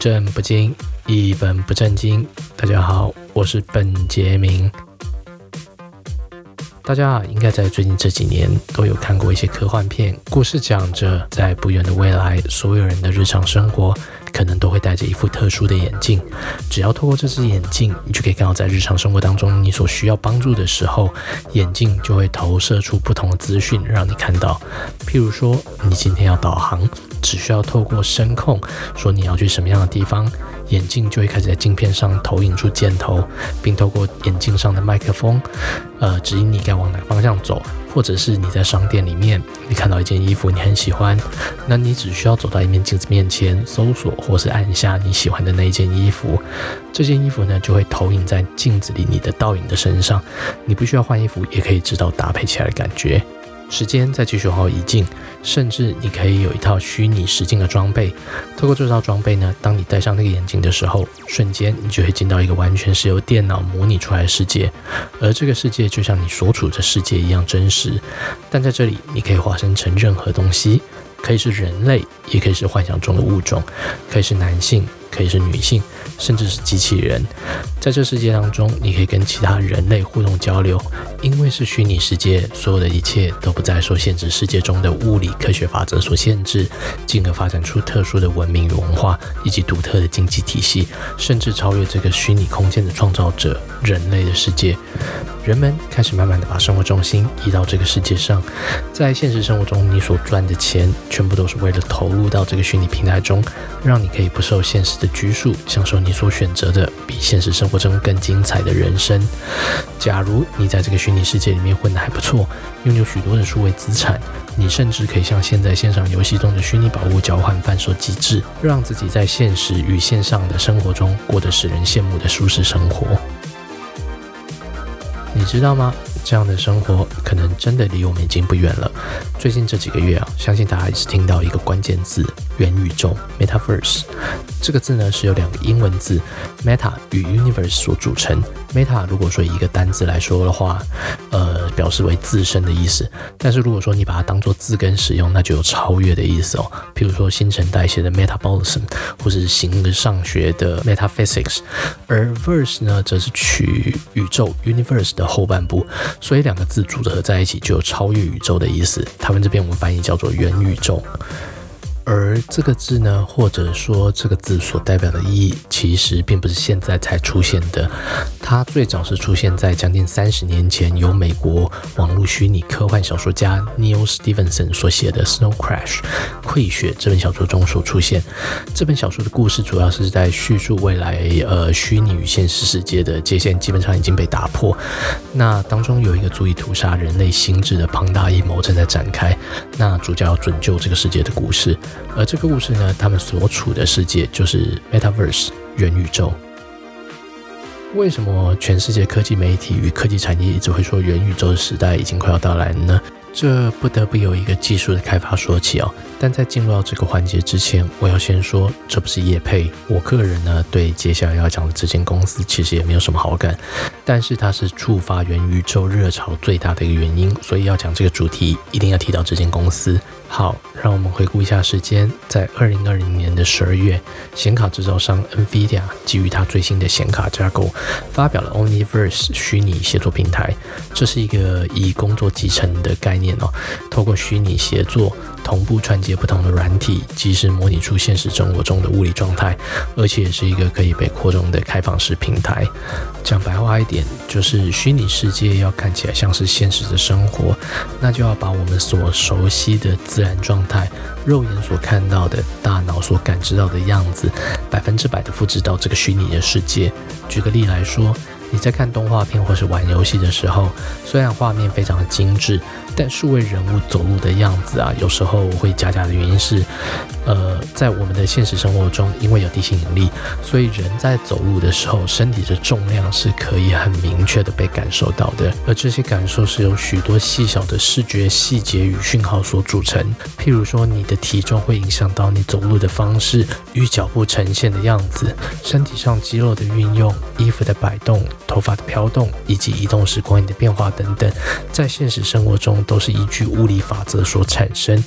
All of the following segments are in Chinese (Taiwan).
不正不經，一本不正經。大家好，我是本傑明。大家啊，應該在最近這幾年都有看過一些科幻片，故事講着在不遠的未來，所有人的日常生活。可能都會戴着一副特殊的眼鏡，只要透過這只眼鏡，你就可以看到在日常生活當中，你所需要幫助的時候，眼鏡就會投射出不同的資訊讓你看到。譬如說，你今天要導航，只需要透過聲控說你要去什麼樣的地方。眼鏡就會開始在鏡片上投影出箭頭，並透過眼鏡上的麥克風，呃，指引你該往哪個方向走。或者是你在商店裡面，你看到一件衣服，你很喜歡，那你只需要走到一面鏡子面前，搜索，或是按下你喜歡的那一件衣服，這件衣服呢就會投影在鏡子裡你的倒影的身上，你不需要換衣服也可以知道搭配起來的感覺。時間再繼續往後移進。甚至你可以有一套虛擬實境的裝備，透過這套裝備呢，當你戴上那個眼鏡的時候，瞬間你就會進到一個完全是由電腦模擬出來的世界，而這個世界就像你所處的世界一樣真實。但在這裡，你可以化身成任何東西，可以是人類，也可以是幻想中的物種，可以是男性。可以是女性，甚至是機器人，在這世界當中，你可以跟其他人類互動交流，因為是虛擬世界，所有的一切都不再受現實世界中的物理科學法則所限制，進而發展出特殊的文明與文化，以及獨特的經濟體系，甚至超越這個虛擬空間的創造者——人類的世界。人們開始慢慢地把生活重心移到這個世界上，在現實生活中，你所賺的錢全部都是為了投入到這個虛擬平台中，讓你可以不受現實的拘束，享受你所選擇的比現實生活中更精彩的人生。假如你在這個虛擬世界裡面混得還不錯，擁有許多的數位資產，你甚至可以像現在線上遊戲中的虛擬寶物交換、販售機制，讓自己在現實與線上的生活中過得使人羨慕的舒適生活。你知道嗎？這樣的生活可能真的離我們已經不遠了。最近這幾個月啊，相信大家一直聽到一個關鍵字。元宇宙 （metaverse） 這個字呢，是由兩個英文字 “meta” 與 “universe” 所組成。meta 如果說一個單字來說的話，呃，表示為自身的意思；但是如果說你把它當做字根使用，那就有超越的意思哦。譬如說新陳代謝的 metabolism，或是形而上學的 metaphysics。而 verse 呢，則是取宇宙 （universe） 的後半部，所以兩個字組合在一起就有超越宇宙的意思。台灣這邊我們翻譯叫做元宇宙。而這個字呢，或者說這個字所代表的意義，其實並不是現在才出現的。它最早是出現在將近三十年前，由美國網絡虛擬科幻小說家 Neal s t e v e n s o n 所寫的《Snow Crash》（《潰血》，這本小說中所出現。這本小說的故事主要是在敘述未來，呃，虛擬與現實世界的界限基本上已經被打破。那當中有一個足以屠殺人類心智的龐大陰謀正在展開，那主角要拯救這個世界的故事。而這個故事呢，他們所處的世界就是 Metaverse 元宇宙。為什麼全世界科技媒體與科技產業一直會說元宇宙的時代已經快要到來了呢？這不得不由一個技術的開發說起哦。但在進入到這個環節之前，我要先說，這不是業配。我個人呢，對接下來要講的這間公司其實也沒有什麼好感，但是它是觸發元宇宙熱潮最大的一個原因，所以要講這個主題，一定要提到這間公司。好，讓我們回顧一下時間，在二零二零年的十二月，顯卡製造商 NVIDIA 基於它最新的顯卡架構，發表了 Omniverse 虛擬協作平台。這是一個以工作集成的概念哦，透過虛擬協作。同步串接不同的軟體，即時模擬出現實生活中的物理狀態，而且也是一個可以被擴充的開放式平台。講白話一點，就是虛擬世界要看起來像是現實的生活，那就要把我們所熟悉的自然狀態、肉眼所看到的、大腦所感知到的樣子，百分之百的複製到這個虛擬的世界。舉個例來說，你在看動畫片或是玩遊戲的時候，雖然畫面非常的精緻。但數位人物走路的樣子啊，有時候我會假假的原因是，呃，在我們的現實生活中，因為有地心引力，所以人在走路的時候，身體的重量是可以很明確的被感受到的。而這些感受是由許多細小的視覺細節與訊號所組成。譬如說，你的體重會影響到你走路的方式與腳步呈現的樣子，身體上肌肉的運用、衣服的擺動、頭髮的飄動，以及移動時光影的變化等等，在現實生活中，都是依據物理法則所產生。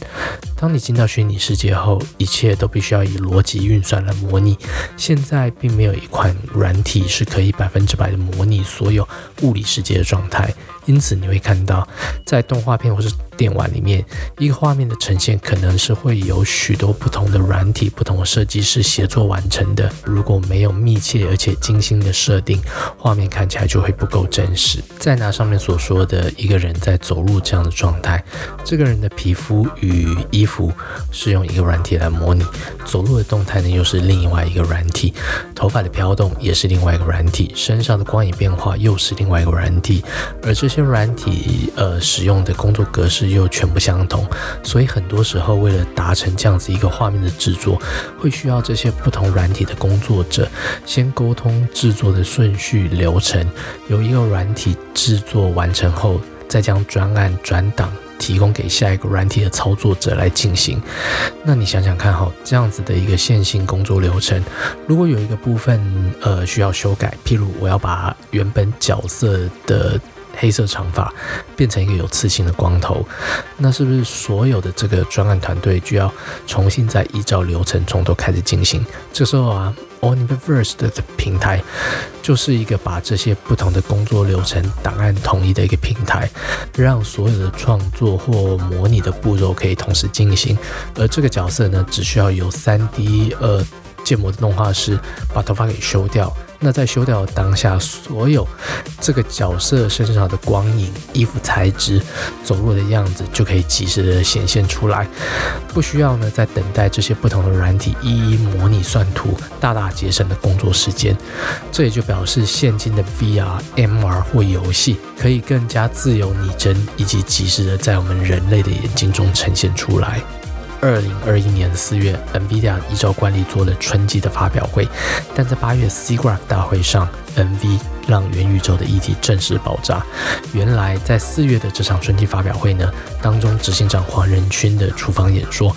當你進到虛擬世界後，一切都必須要以邏輯運算來模擬。現在並沒有一款軟體是可以百分之百的模擬所有物理世界的狀態，因此你會看到，在動畫片或是。電玩裡面，一個畫面的呈現可能是會有許多不同的軟體、不同的設計師協作完成的。如果沒有密切而且精心的設定，畫面看起來就會不夠真實。再拿上面所說的一個人在走路這樣的狀態，這個人的皮膚與衣服是用一個軟體來模擬，走路的動態呢又是另外一個軟體，頭髮的飄動也是另外一個軟體，身上的光影變化又是另外一個軟體，而這些軟體，呃，使用的工作格式，又全部相同，所以很多時候為了達成這樣子一個畫面的製作，會需要這些不同軟體的工作者先溝通製作的順序流程，由一個軟體製作完成後，再將專案轉檔提供給下一個軟體的操作者來進行。那你想想看哈，這樣子的一個線性工作流程，如果有一個部分呃需要修改，譬如我要把原本角色的黑色長髮變成一個有刺青的光頭，那是不是所有的這個專案團隊就要重新再依照流程從頭開始進行？這個時候啊，Omniverse 的平台就是一個把這些不同的工作流程、檔案統一的一個平台，讓所有的創作或模擬的步驟可以同時進行。而這個角色呢，只需要由 3D 呃。建模的動畫師把頭髮給修掉，那在修掉的當下，所有這個角色身上的光影、衣服材質、走路的樣子就可以即時的顯現出來，不需要呢再等待這些不同的軟體一一模擬算圖，大大節省的工作時間。這也就表示，現今的 VR、MR 或遊戲可以更加自由擬真，以及即時的在我們人類的眼睛中呈現出來。二零二一年四月，NVIDIA 依照慣例做了春季的發表會，但在八月 SIGGRAPH 大會上，MV，讓元宇宙的議題正式爆炸。原來在四月的這場春季發表會呢當中，執行長黃仁勳的廚房演說，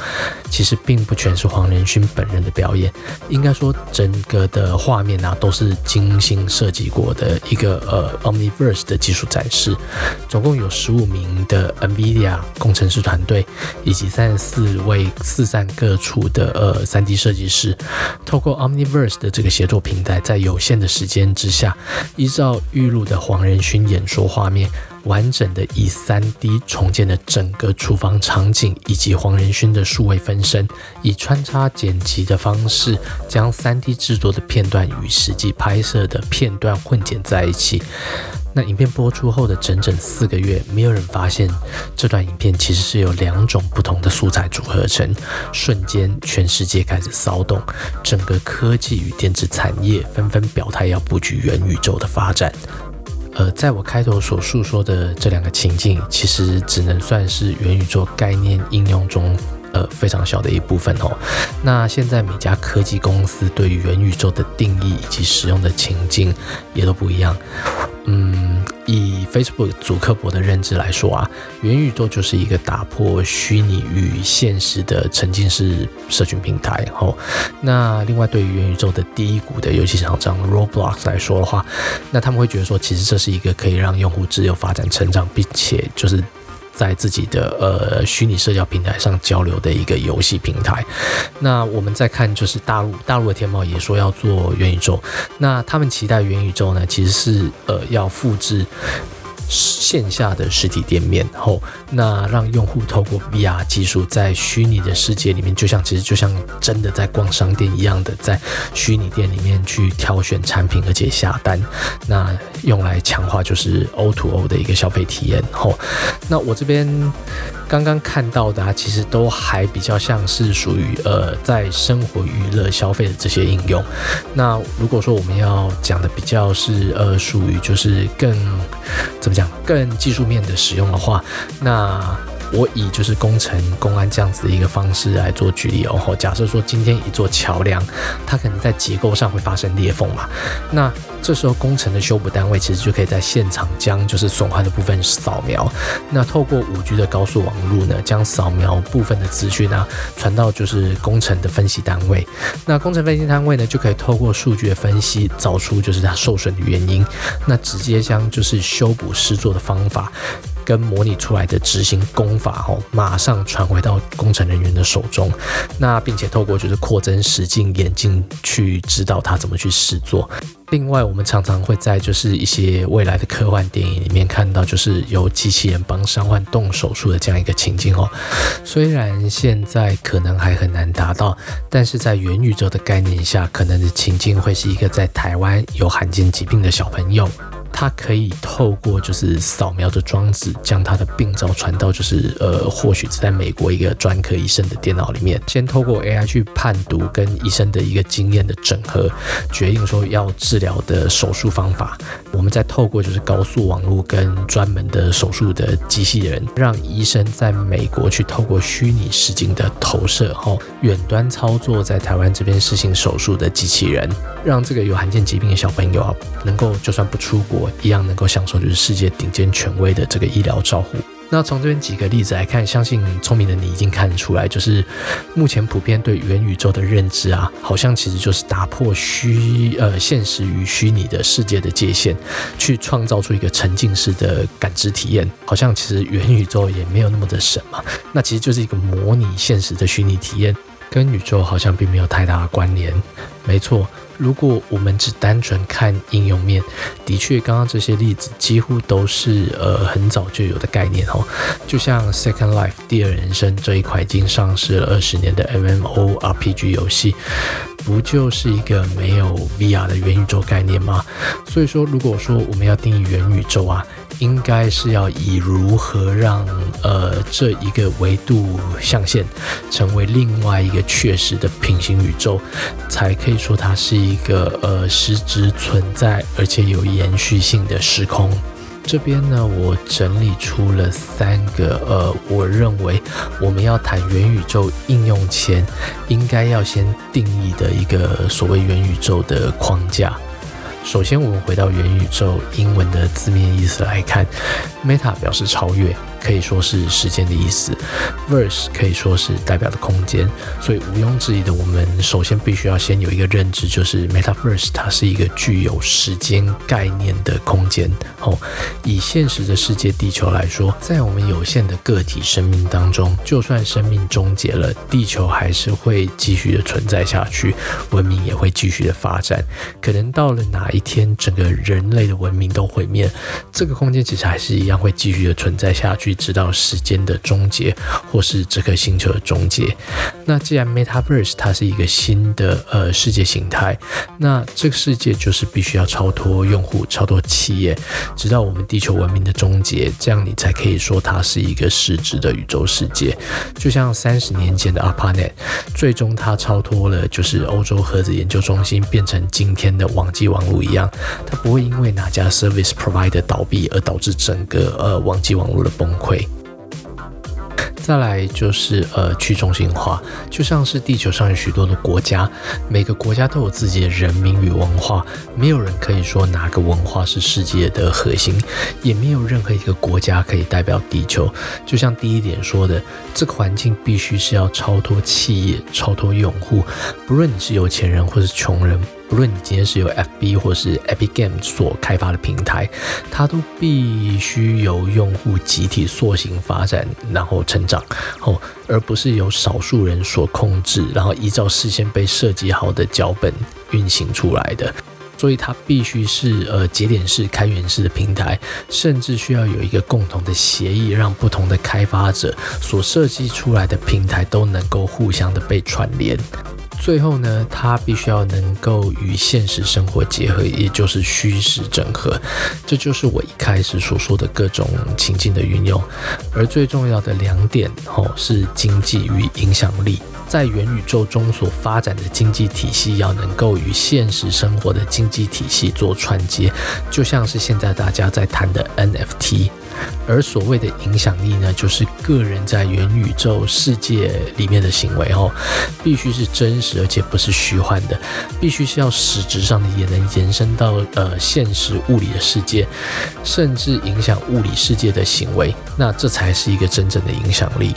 其實並不全是黃仁勳本人的表演。應該說，整個的畫面啊，都是精心設計過的一個呃 Omniverse 的技術展示。總共有十五名的 NVIDIA 工程師團隊，以及三十四位四散各處的呃 3D 設計師，透過 Omniverse 的這個協作平台，在有限的時間之下依照預錄的黃仁勳演說畫面，完整的以 3D 重建了整個廚房場景，以及黃仁勳的數位分身，以穿插剪輯的方式，將 3D 製作的片段與實際拍攝的片段混剪在一起。那影片播出後的整整四個月，沒有人發現這段影片其實是由兩種不同的素材組合成。瞬間，全世界開始騷動，整個科技與電子產業紛紛表態要布局元宇宙的發展。呃，在我開頭所述說的這兩個情境，其實只能算是元宇宙概念應用中。呃，非常小的一部分哦。那現在每家科技公司對於元宇宙的定義以及使用的情境也都不一樣。嗯，以 Facebook 祖克伯的認知來說啊，元宇宙就是一個打破虛擬與現實的沉浸式社群平台。哦。那另外對於元宇宙的第一股的遊戲廠商 Roblox 來說的話，那他們會覺得說，其實這是一個可以讓用戶自由發展成長，並且就是。在自己的呃虛擬社交平台上交流的一個遊戲平台。那我們再看，就是大陸，大陸的天貓也說要做元宇宙。那他們期待元宇宙呢，其實是呃要複製。線下的實體店面，後、哦、那讓用戶透過 VR 技術在虛擬的世界裡面，就像其實就像真的在逛商店一樣的，在虛擬店裡面去挑選產品而且下單，那用來強化就是 O to O 的一個消費體驗，後、哦、那我這邊。剛剛看到的啊，其實都還比較像是屬於呃，在生活、娛樂、消費的這些應用。那如果說我們要講的比較是呃，屬於就是更怎麼講，更技術面的使用的話，那。我以就是工程、公安這樣子的一個方式來做舉例，哦，假設說今天一座橋樑，它可能在結構上會發生裂縫嘛，那這時候工程的修補單位其實就可以在現場將就是損壞的部分掃描，那透過五 G 的高速網路呢，將掃描部分的資訊啊傳到就是工程的分析單位，那工程分析單位呢就可以透過數據的分析找出就是它受損的原因，那直接將就是修補施作的方法，跟模擬出來的執行工法、哦、馬上傳回到工程人員的手中。那並且透過就是擴增實境眼鏡去指導他怎麼去試做。另外，我們常常會在就是一些未來的科幻電影裡面看到，就是由機器人幫傷患動手術的這樣一個情境哦。雖然現在可能還很難達到，但是在元宇宙的概念下，可能的情境會是一個在台灣有罕見疾病的小朋友。它可以透過就是掃描的裝置，將他的病灶傳到就是呃，或許是在美國一個專科醫生的電腦裡面，先透過 AI 去判讀跟醫生的一個經驗的整合，決定說要治療的手術方法。我們再透過就是高速網絡跟專門的手術的機器人，讓醫生在美國去透過虛擬實境的投射後，後遠端操作在台灣這邊實行手術的機器人，讓這個有罕見疾病的小朋友啊，能夠就算不出國，一樣能夠享受就是世界頂尖權威的這個醫療照護。那從這邊幾個例子來看，相信聰明的你已經看得出來，就是目前普遍對元宇宙的認知啊，好像其實就是打破虛呃現實與虛擬的世界的界限，去創造出一個沉浸式的感知體驗。好像其實元宇宙也沒有那麼的神嘛，那其實就是一個模擬現實的虛擬體驗，跟宇宙好像並沒有太大的關聯。沒錯。如果我們只單純看應用面，的確，剛剛這些例子幾乎都是呃很早就有的概念哦，就像 Second Life 第二人生這一款已經上市了二十年的 MMORPG 遊戲，不就是一個沒有 VR 的元宇宙概念嗎？所以說，如果說我們要定義元宇宙啊，應該是要以如何讓呃，這一個維度象限成為另外一個確實的平行宇宙，才可以說它是一個呃實質存在，而且有延續性的時空。這邊呢，我整理出了三個呃，我認為我們要談元宇宙應用前，應該要先定義的一個所謂元宇宙的框架。首先，我們回到元宇宙英文的字面意思來看，meta 表示超越。可以說是時間的意思，verse 可以說是代表的空間，所以毋庸置疑的，我們首先必須要先有一個認知，就是 metaverse 它是一個具有時間概念的空間。吼，以現實的世界地球來說，在我們有限的個體生命當中，就算生命終結了，地球還是會繼續的存在下去，文明也會繼續的發展。可能到了哪一天，整個人類的文明都毀滅，這個空間其實還是一樣會繼續的存在下去，去直到時間的終結，或是這顆星球的終結。那既然 Metaverse 它是一個新的呃世界形態，那這個世界就是必須要超脫用戶、超脫企業，直到我們地球文明的終結，這樣你才可以說它是一個實質的宇宙世界。就像三十年前的 ARPANET，最終它超脫了，就是歐洲核子研究中心變成今天的網際網絡一樣，它不會因為哪家 service provider 倒閉而導致整個呃網際網絡的崩潰。虧，再來就是呃去中心化，就像是地球上有許多的國家，每個國家都有自己的人民與文化，沒有人可以說哪個文化是世界的核心，也沒有任何一個國家可以代表地球。就像第一點說的，這個環境必須是要超脫企業、超脫用戶，不論你是有錢人或是窮人。不論你今天是由 FB 或是 Epic Games 所開發的平台，它都必須由用戶集體塑形發展，然後成長，哦，而不是由少數人所控制，然後依照事先被設計好的腳本運行出來的。所以它必須是呃節點式開源式的平台，甚至需要有一個共同的協議，讓不同的開發者所設計出來的平台都能夠互相的被串聯。最後呢，它必須要能夠與現實生活結合，也就是虛實整合。這就是我一開始所說的各種情境的運用。而最重要的兩點哦，是經濟與影響力。在元宇宙中所發展的經濟體系，要能夠與現實生活的經濟體系做串接，就像是現在大家在談的 NFT。而所謂的影響力呢，就是個人在元宇宙世界裡面的行為哦，必須是真實，而且不是虛幻的，必須是要實質上的，也能延伸到呃現實物理的世界，甚至影響物理世界的行為，那這才是一個真正的影響力。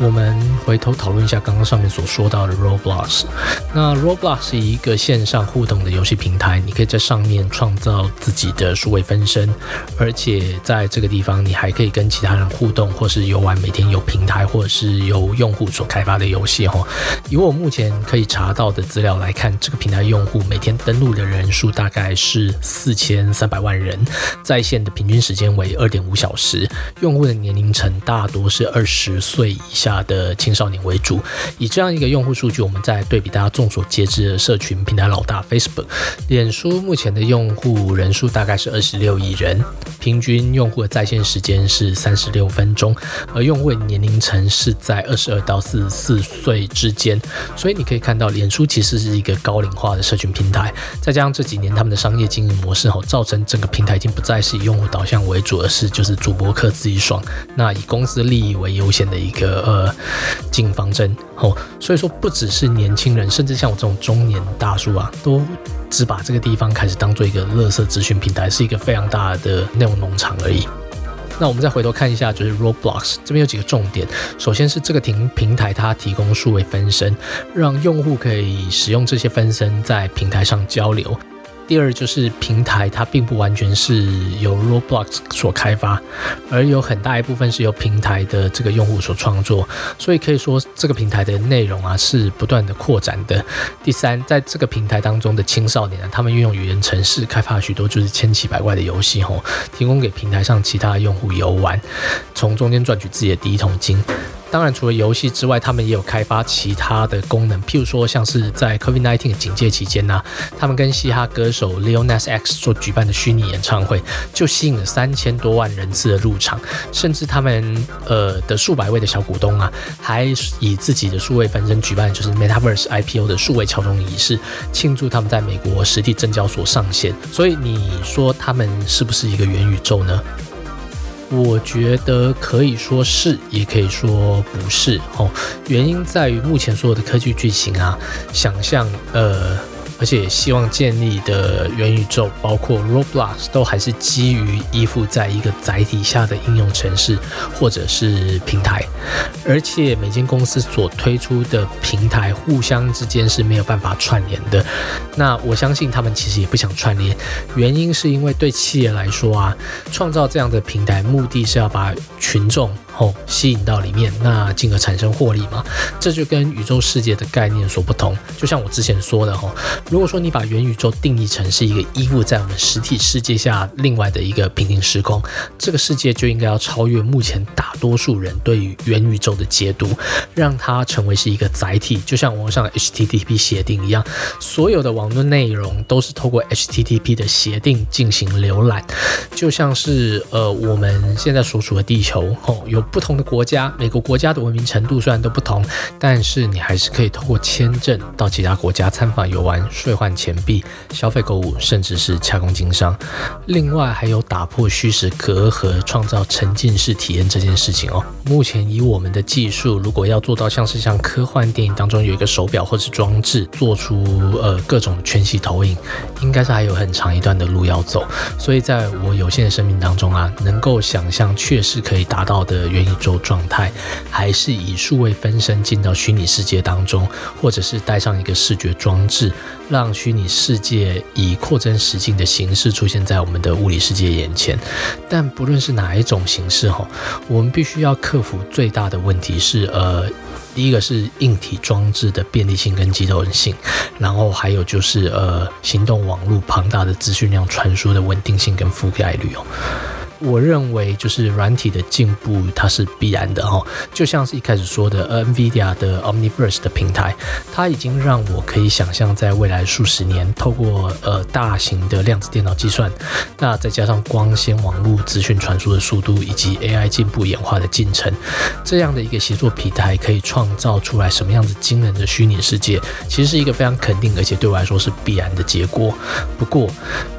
我們回頭討論一下剛剛上面所說到的 Roblox。那 Roblox 是一個線上互動的遊戲平台，你可以在上面創造自己的數位分身，而且在這個地方你還可以跟其他人互動或是遊玩，每天有平台或者是由用戶所開發的遊戲。哦。以我目前可以查到的資料來看，這個平台用戶每天登錄的人數大概是四千三百萬人，在線的平均時間為二點五小時，用戶的年齡層大多是二十歲以下。下的青少年為主，以這樣一個用戶數據，我們再對比大家眾所皆知的社群平台老大 Facebook，臉書目前的用戶人數大概是二十六億人，平均用戶的在線時間是三十六分鐘，而用戶年齡層是在二十二到四十四歲之間，所以你可以看到臉書其實是一個高齡化的社群平台，再加上這幾年他們的商業經營模式哈，造成整個平台已經不再是以用戶導向為主，而是就是主播客自己爽，那以公司利益為優先的一個呃，進方針哦，所以說不只是年輕人，甚至像我這種中年大叔啊，都只把這個地方開始當做一個垃圾資訊平台，是一個非常大的內容農場而已。那我們再回頭看一下，就是 Roblox 這邊有幾個重點。首先是這個平平台，它提供數位分身，讓用戶可以使用這些分身在平台上交流。第二就是平台，它並不完全是由 Roblox 所開發，而有很大一部分是由平台的這個用戶所創作，所以可以說這個平台的內容啊是不斷的擴展的。第三，在這個平台當中的青少年啊，他們運用語言程式開發了許多就是千奇百怪的遊戲哦，提供給平台上其他的用戶遊玩，從中間賺取自己的第一桶金。當然，除了遊戲之外，他們也有開發其他的功能，譬如說像是在 COVID-19 警戒期間呢、啊，他們跟嘻哈歌手 Lil Nas X 所舉辦的虛擬演唱會，就吸引了三千多萬人次的入場，甚至他們呃的數百位的小股東啊，還以自己的數位分身舉辦就是 Metaverse IPO 的數位敲鐘儀式，慶祝他們在美國實體證交所上線。所以你說他們是不是一個元宇宙呢？我覺得可以說是，也可以說不是哦。原因在於目前所有的科技劇情啊想，想象呃。而且希望建立的元宇宙，包括 Roblox，都還是基於依附在一個載體下的應用程式或者是平台，而且每間公司所推出的平台互相之間是沒有辦法串聯的。那我相信他們其實也不想串聯，原因是因為對企業來說啊，創造這樣的平台目的是要把群眾。哦，吸引到裡面，那進而產生獲利嗎？這就跟宇宙世界的概念所不同。就像我之前說的，哦，如果說你把元宇宙定義成是一個依附在我們實體世界下另外的一個平行時空，這個世界就應該要超越目前大多數人對於元宇宙的解讀，讓它成為是一個載體，就像網上的 HTTP 協定一樣，所有的網絡內容都是透過 HTTP 的協定進行瀏覽。就像是呃，我們現在所處的地球，哦，有。不同的國家，每個國，國家的文明程度雖然都不同，但是你還是可以透過簽證到其他國家參訪遊玩、兌換錢幣、消費購物，甚至是洽公經商。另外，還有打破虛實隔閡、創造沉浸式體驗這件事情哦。目前以我們的技術，如果要做到像是像科幻電影當中有一個手錶或者是裝置，做出呃各種全息投影，應該是還有很長一段的路要走。所以，在我有限的生命當中啊，能夠想象確實可以達到的。元宇宙狀態，還是以數位分身進到虛擬世界當中，或者是戴上一個視覺裝置，讓虛擬世界以擴增實境的形式出現在我們的物理世界眼前。但不論是哪一種形式哈，我們必須要克服最大的問題是，呃，第一個是硬體裝置的便利性跟機動性，然後還有就是呃，行動網絡龐大的資訊量傳輸的穩定性跟覆蓋率哦。我認為就是軟體的進步，它是必然的哈。就像是一開始說的，NVIDIA 的 Omniverse 的平台，它已經讓我可以想象在未來數十年，透過呃大型的量子電腦計算，那再加上光纖網絡資訊傳輸的速度，以及 AI 進步演化的進程，這樣的一個協作平台可以創造出來什麼樣子驚人的虛擬世界，其實是一個非常肯定，而且對我來說是必然的結果。不過，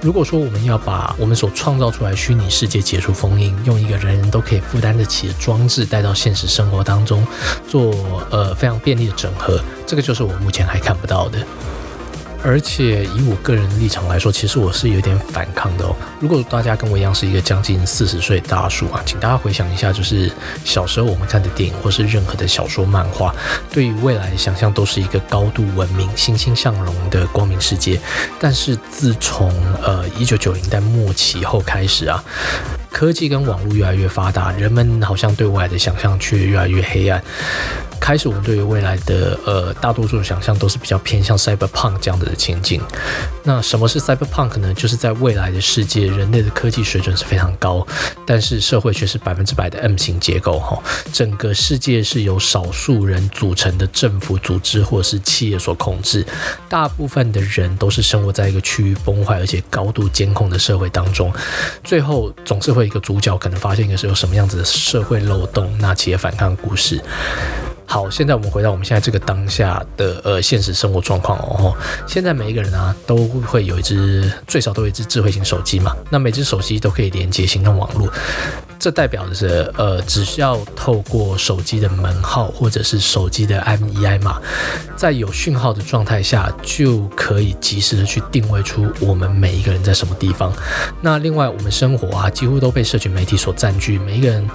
如果說我們要把我們所創造出來虛擬世界，解除封印，用一個人人都可以負擔得起的裝置帶到現實生活當中，做呃非常便利的整合，這個就是我目前還看不到的。而且以我個人的立場來說，其實我是有點反抗的哦、喔。如果大家跟我一樣是一個將近四十歲的大叔啊，請大家回想一下，就是小時候我們看的電影或是任何的小說、漫畫，對於未來想象，都是一個高度文明、欣欣向榮的光明世界。但是自從呃一九九零代末期後開始啊。科技跟網絡越來越發達，人們好像對未來的想象卻越來越黑暗。開始我們對於未來的呃，大多數想象都是比較偏向 cyberpunk 這樣的情景。那什麼是 cyberpunk 呢？就是在未來的世界，人類的科技水準是非常高，但是社會卻是百分之百的 M 型結構哈。整個世界是由少數人組成的政府組織或者是企業所控制，大部分的人都是生活在一個區域崩壞而且高度監控的社會當中，最後總是會。一個主角可能發現一個是有什麼樣子的社會漏洞，那企業反抗的故事。好，現在我們回到我們現在這個當下的呃現實生活狀況哦。現在每一個人啊都會有一只最少都有一只智慧型手機嘛，那每只手機都可以連接行動網絡。這代表的是，呃，只需要透過手機的門號或者是手機的 IMEI 碼，在有訊號的狀態下，就可以及時的去定位出我們每一個人在什麼地方。那另外，我們生活啊，幾乎都被社群媒體所占據，每一個人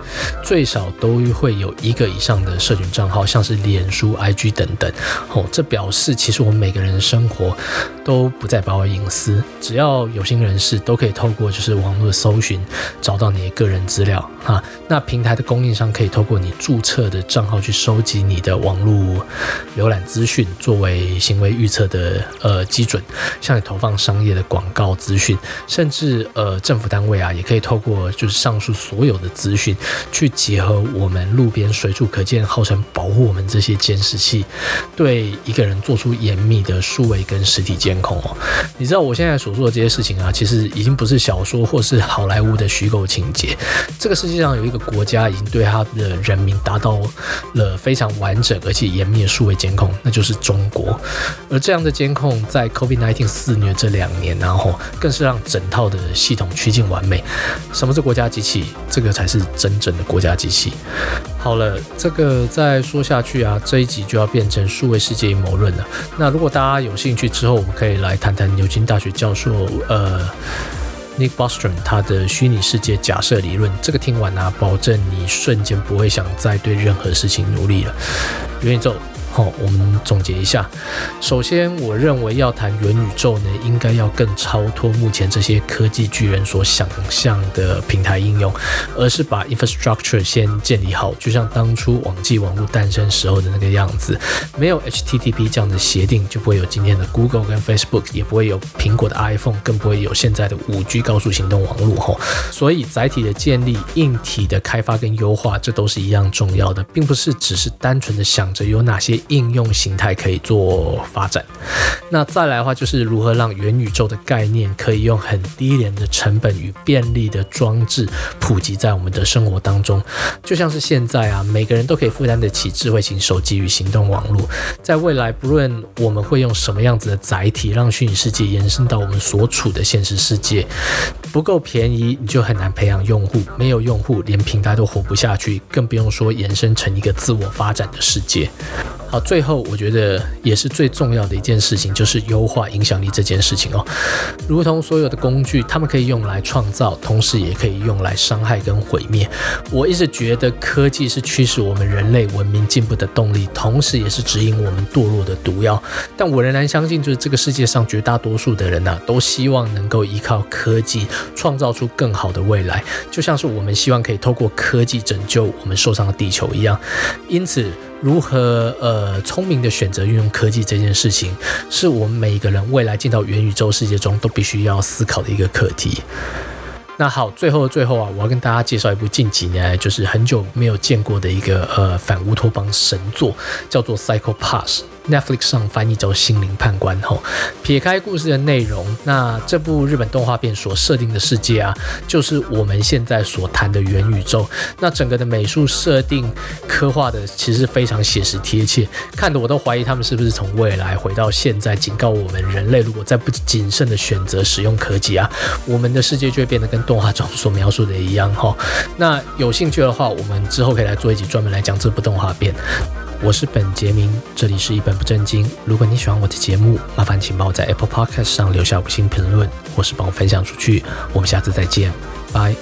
最少都會有一個以上的社群賬號，像是臉書、IG 等等。哦，這表示其實我們每個人的生活都不再保有隱私，只要有心人士都可以透過就是網絡的搜尋，找到你的個人資料。啊，那平台的供應商可以透過你註冊的賬號去收集你的網絡瀏覽資訊，作為行為預測的呃基準，向你投放商業的廣告資訊，甚至呃政府單位啊也可以透過就是上述所有的資訊，去結合我們路邊隨處可見號稱保護我們這些監視器，對一個人做出嚴密的數位跟實體監控哦。你知道我現在所做的這些事情啊，其實已經不是小說或是好萊塢的虛構情節。這個世界上有一個國家已經對他的人民達到了非常完整而且嚴密的數位監控，那就是中國。而這樣的監控在 COVID-19 肆虐這兩年啊，然後更是讓整套的系統趨近完美。什麼是國家機器？這個才是真正的國家機器。好了，這個再說下去啊，這一集就要變成數位世界陰謀論了。那如果大家有興趣，之後我們可以來談談牛津大學教授，呃。Nick Bostrom 他的虛擬世界假設理論，這個聽完啊，保證你瞬間不會想再對任何事情努力了。元宇宙。好、哦，我們總結一下。首先，我認為要談元宇宙呢，應該要更超脫目前這些科技巨人所想象的平台應用，而是把 infrastructure 先建立好，就像當初網際網絡誕生時候的那個樣子。沒有 HTTP 這樣的協定，就不會有今天的 Google 跟 Facebook，也不會有蘋果的 iPhone，更不會有現在的五 G 高速行動網絡。吼，所以載體的建立、硬體的開發跟優化，這都是一樣重要的，並不是只是單純的想着有哪些。應用形態可以做發展。那再來的話，就是如何讓元宇宙的概念可以用很低廉的成本與便利的裝置普及在我們的生活當中。就像是現在啊，每個人都可以負擔得起智慧型手機與行動網絡。在未來，不論我們會用什麼樣子的載體，讓虛擬世界延伸到我們所處的現實世界，不夠便宜，你就很難培養用戶；沒有用戶，連平台都活不下去，更不用說延伸成一個自我發展的世界。好，最後我覺得也是最重要的一件事情，就是優化影響力這件事情哦。如同所有的工具，它們可以用來創造，同時也可以用來傷害跟毀滅。我一直覺得科技是驅使我們人類文明進步的動力，同時也是指引我們墮落的毒藥。但我仍然相信，就是這個世界上絕大多數的人吶，都希望能夠依靠科技創造出更好的未來，就像是我們希望可以透過科技拯救我們受傷的地球一樣。因此。如何呃聰明的選擇運用科技這件事情，是我們每一個人未來進到元宇宙世界中都必須要思考的一個課題。那好，最後的最後啊，我要跟大家介紹一部近幾年來就是很久沒有見過的一個呃反烏托邦神作，叫做《Psycho Pass》，Netflix 上翻譯叫《心靈判官》吼。撇開故事的內容，那這部日本動畫片所設定的世界啊，就是我們現在所談的元宇宙。那整個的美術設定。刻畫的其實非常寫實貼切，看得我都懷疑他們是不是從未來回到現在，警告我們人類如果再不謹慎地選擇使用科技啊，我們的世界就會變得跟動畫中所描述的一樣哈、哦。那有興趣的話，我們之後可以來做一集專門來講這部動畫片。我是本杰明，這裡是一本不正經。如果你喜歡我的節目，麻煩請幫我，在 Apple Podcast 上留下五星評論，或是幫我分享出去。我們下次再見，拜。